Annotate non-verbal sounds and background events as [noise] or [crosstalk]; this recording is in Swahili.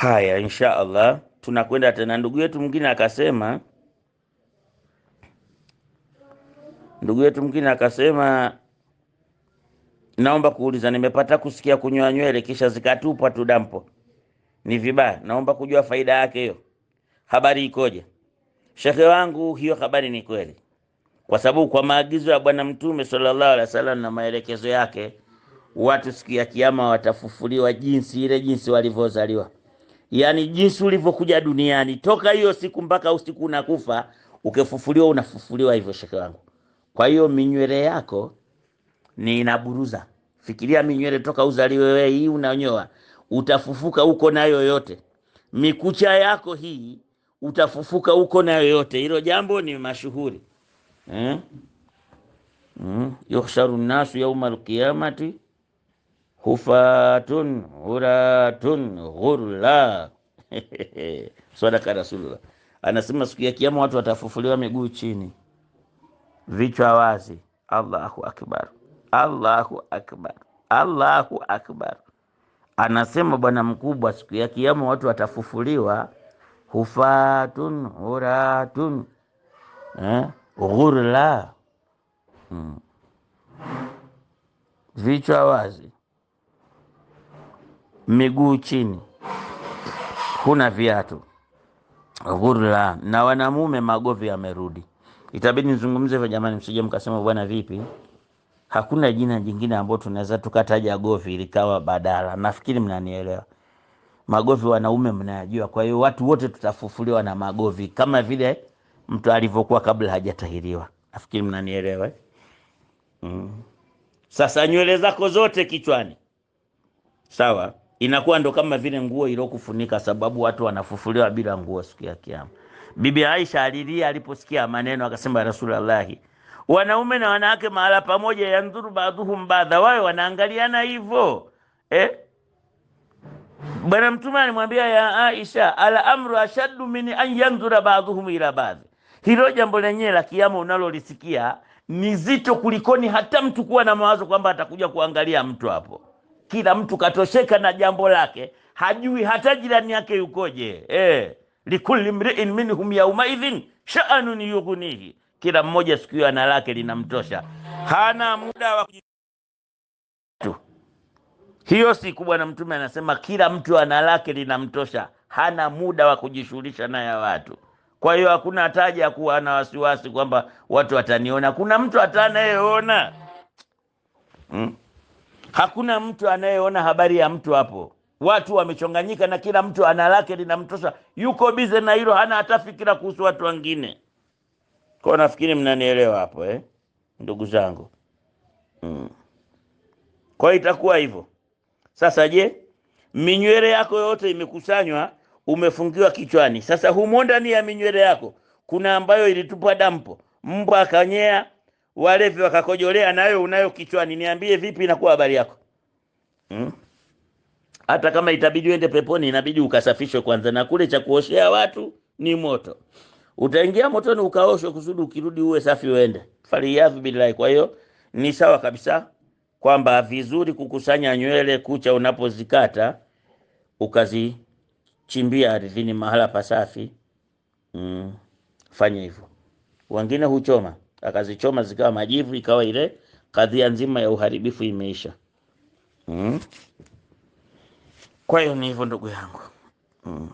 Haya, insha Allah tunakwenda tena. Ndugu yetu mwingine akasema, ndugu yetu mwingine akasema, naomba kuuliza, nimepata kusikia kunyoa nywele kisha zikatupwa tu dampo, ni vibaya? Naomba kujua faida yake, hiyo habari ikoje? Shekhe wangu, hiyo habari ni kweli, kwa sababu kwa maagizo ya Bwana Mtume sallallahu alaihi wasallam na maelekezo yake, watu siku ya Kiyama watafufuliwa jinsi ile jinsi walivyozaliwa yani jinsi ulivyokuja duniani toka hiyo siku mpaka usiku unakufa, ukifufuliwa unafufuliwa hivyo, shekhe wangu. Kwa hiyo minywele yako ni inaburuza, fikiria minywele toka uzaliwe wewe, hii unanyoa, utafufuka uko nayo yote. Mikucha yako hii utafufuka uko nayo yote, hilo jambo ni mashuhuri eh? Mm. yuhsharu nnasu yauma alqiyamati hufatun huratun ghurla [laughs] sadaka Rasulullah anasema siku ya Kiyama watu watafufuliwa miguu chini, vichwa wazi. Allahu akbar, Allahu akbar, Allahu akbar. Anasema bwana mkubwa, siku ya Kiyama watu watafufuliwa hufatun huratun eh, ghurla, hmm. vichwa wazi miguu chini, huna viatu ghurla, na wanamume magovi yamerudi. Itabidi nizungumze hivyo jamani, msije mkasema bwana vipi. Hakuna jina jingine ambalo tunaweza tukataja govi likawa badala. Nafikiri mnanielewa. Magovi wanaume mnayajua, kwa hiyo watu wote tutafufuliwa na magovi kama vile mtu alivyokuwa kabla hajatahiriwa. Nafikiri mnanielewa eh? Mm. Sasa nywele zako zote kichwani, sawa inakuwa ndo kama vile nguo ilokufunika, sababu watu wanafufuliwa bila nguo siku ya Kiyama. Bibi Aisha alilia aliposikia maneno, akasema Rasulullahi, wanaume na wanawake mahala pamoja, yandhuru baadhuhum baadha, wao wanaangaliana hivyo eh? Bwana Mtume alimwambia ya Aisha, ala amru ashaddu min an yandhura baadhuhum ila baadhi, hilo jambo lenyewe la Kiyama unalolisikia ni zito kulikoni hata mtu kuwa na mawazo kwamba atakuja kuangalia mtu hapo kila mtu katosheka na jambo lake, hajui hata jirani yake yukoje. Eh, likulli mri'in minhum yauma idhin sha'anun yughnihi, kila mmoja siku hiyo ana lake linamtosha, hana muda wa hiyo siku Bwana Mtume anasema kila mtu ana lake linamtosha, hana muda wa kujishughulisha naye watu. Kwa hiyo hakuna taja kuwa na wasiwasi kwamba watu wataniona. Kuna mtu atanayeona hmm? Hakuna mtu anayeona habari ya mtu hapo. Watu wamechonganyika na kila mtu ana lake linamtosha, yuko bize na hilo, hana hata fikira kuhusu watu wengine. Kwa nafikiri mnanielewa hapo eh, ndugu zangu mm. Kwa itakuwa hivyo sasa. Je, minywele yako yote imekusanywa, umefungiwa kichwani. Sasa humo ndani ya minywele yako kuna ambayo ilitupa dampo, mbwa akanyea walevi wakakojolea, nayo unayo kichwani, niambie vipi inakuwa habari yako hmm? Hata kama itabidi uende peponi, inabidi ukasafishwe kwanza, na kule cha kuoshea watu ni moto. Utaingia motoni ukaoshwe, kusudi ukirudi uwe safi uende. Faliyadhu billahi. Kwa hiyo ni sawa kabisa kwamba vizuri kukusanya nywele kucha, unapozikata ukazichimbia ardhini mahala pasafi. Mm, fanya hivyo. Wengine huchoma akazichoma zikawa majivu, ikawa ile kadhia nzima ya uharibifu imeisha. Mm. Kwa hiyo ni hivyo ndugu yangu. Mm.